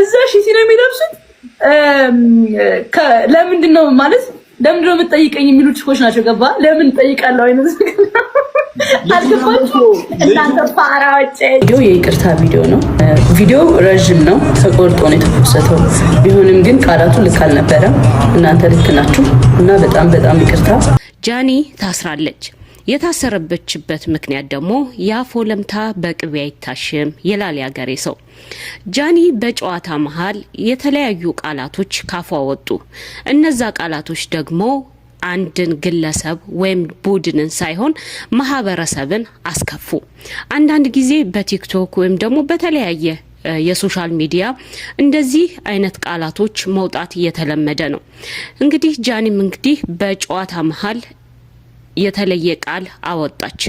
እዛ ሺቲ ነው የሚለብሱት። ለምንድን ነው ማለት ለምንድን ነው የምትጠይቀኝ የሚሉ ችኮች ናቸው። ገባ ለምን ጠይቃለሁ አይነት ቪዲዮ የይቅርታ ቪዲዮ ነው። ቪዲዮው ረዥም ነው፣ ተቆርጦ ነው የተፈሰተው። ቢሆንም ግን ቃላቱ ልክ አልነበረም። እናንተ ልክ ናችሁ እና በጣም በጣም ይቅርታ። ጃኒ ታስራለች። የታሰረበችበት ምክንያት ደግሞ የአፍ ወለምታ በቅቤ አይታሽም ይላል ያገሬ ሰው። ጃኒ በጨዋታ መሀል የተለያዩ ቃላቶች ካፏ ወጡ። እነዛ ቃላቶች ደግሞ አንድን ግለሰብ ወይም ቡድንን ሳይሆን ማህበረሰብን አስከፉ። አንዳንድ ጊዜ በቲክቶክ ወይም ደግሞ በተለያየ የሶሻል ሚዲያ እንደዚህ አይነት ቃላቶች መውጣት እየተለመደ ነው። እንግዲህ ጃኒም እንግዲህ በጨዋታ መሀል የተለየ ቃል አወጣች።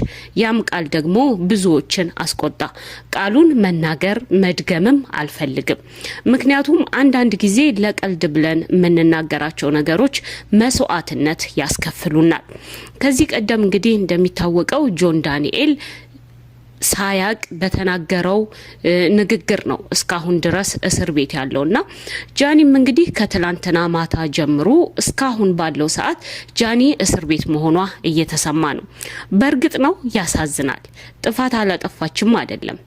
ያም ቃል ደግሞ ብዙዎችን አስቆጣ። ቃሉን መናገር መድገምም አልፈልግም። ምክንያቱም አንዳንድ ጊዜ ለቀልድ ብለን የምንናገራቸው ነገሮች መስዋዕትነት ያስከፍሉናል። ከዚህ ቀደም እንግዲህ እንደሚታወቀው ጆን ዳንኤል ሳያቅ በተናገረው ንግግር ነው እስካሁን ድረስ እስር ቤት ያለው እና ጃኒም እንግዲህ ከትላንትና ማታ ጀምሮ እስካሁን ባለው ሰዓት ጃኒ እስር ቤት መሆኗ እየተሰማ ነው። በእርግጥ ነው ያሳዝናል። ጥፋት አላጠፋችም አይደለም።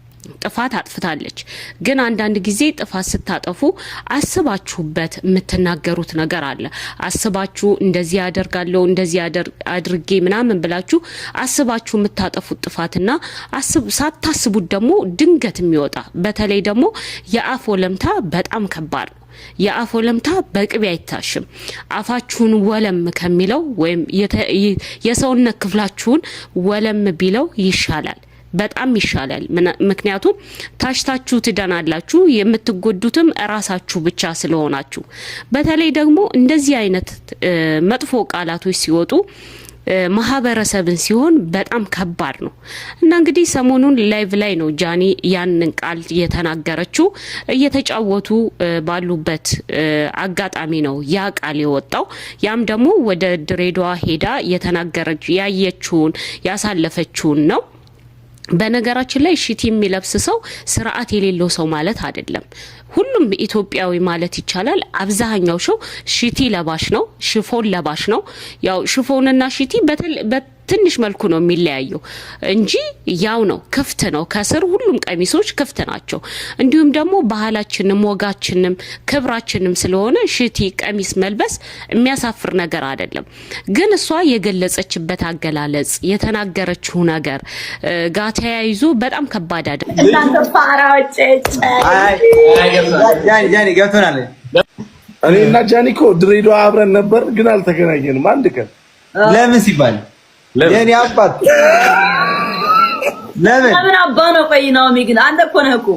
ጥፋት አጥፍታለች። ግን አንዳንድ ጊዜ ጥፋት ስታጠፉ አስባችሁበት የምትናገሩት ነገር አለ። አስባችሁ እንደዚህ ያደርጋለሁ እንደዚህ አድርጌ ምናምን ብላችሁ አስባችሁ የምታጠፉት ጥፋትና ሳታስቡት ደግሞ ድንገት የሚወጣ በተለይ ደግሞ የአፍ ወለምታ በጣም ከባድ ነው። የአፍ ወለምታ በቅቤ አይታሽም። አፋችሁን ወለም ከሚለው ወይም የሰውነት ክፍላችሁን ወለም ቢለው ይሻላል። በጣም ይሻላል። ምክንያቱም ታሽታችሁ ትደናላችሁ፣ የምትጎዱትም እራሳችሁ ብቻ ስለሆናችሁ። በተለይ ደግሞ እንደዚህ አይነት መጥፎ ቃላቶች ሲወጡ ማህበረሰብን ሲሆን በጣም ከባድ ነው እና እንግዲህ ሰሞኑን ላይቭ ላይ ነው ጃኒ ያንን ቃል የተናገረችው። እየተጫወቱ ባሉበት አጋጣሚ ነው ያ ቃል የወጣው። ያም ደግሞ ወደ ድሬዳዋ ሄዳ የተናገረች ያየችውን ያሳለፈችውን ነው። በነገራችን ላይ ሽቲ የሚለብስ ሰው ስርዓት የሌለው ሰው ማለት አይደለም። ሁሉም ኢትዮጵያዊ ማለት ይቻላል አብዛኛው ሰው ሽቲ ለባሽ ነው፣ ሽፎን ለባሽ ነው። ያው ሽፎንና ሽቲ ትንሽ መልኩ ነው የሚለያየው እንጂ ያው ነው፣ ክፍት ነው። ከስር ሁሉም ቀሚሶች ክፍት ናቸው። እንዲሁም ደግሞ ባህላችንም ወጋችንም ክብራችንም ስለሆነ ሽቲ ቀሚስ መልበስ የሚያሳፍር ነገር አይደለም። ግን እሷ የገለጸችበት አገላለጽ የተናገረችው ነገር ጋር ተያይዞ በጣም ከባድ አደ እኔና ጃኒ እኮ ድሬዳዋ አብረን ነበር፣ ግን አልተገናኘንም አንድ ቀን ለምን ሲባል የኔ አባት ለምን ለምን አባ ነው? ቆይ ናኦሚ ግን አንተ እኮ ነህ እኮ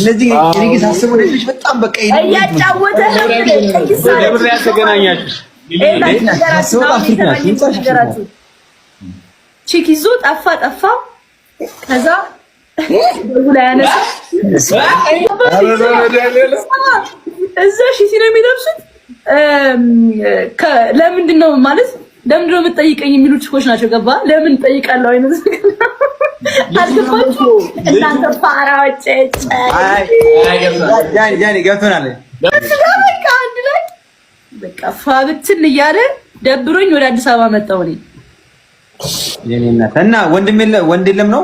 እነዚህ እኔ ሳስበው ልጅ በጣም በቃ እያጫወተህ ነው። ለምን ያገናኛችሁ? ቺክ ይዞ ጠፋ ጠፋ። ከዛ እዛ ሺቲ ነው የሚለብሱት። ለምንድን ነው ማለት ለምንድን ነው የምትጠይቀኝ የሚሉ ችኮች ናቸው። ገባ ለምን ጠይቃለሁ አይነት አልገባችሁ እናንተ ፋራዎች። አንድ ላይ በቃ ፋብትን እያለ ደብሮኝ ወደ አዲስ አበባ መጣሁ እኔ እና ወንድም የለም ነው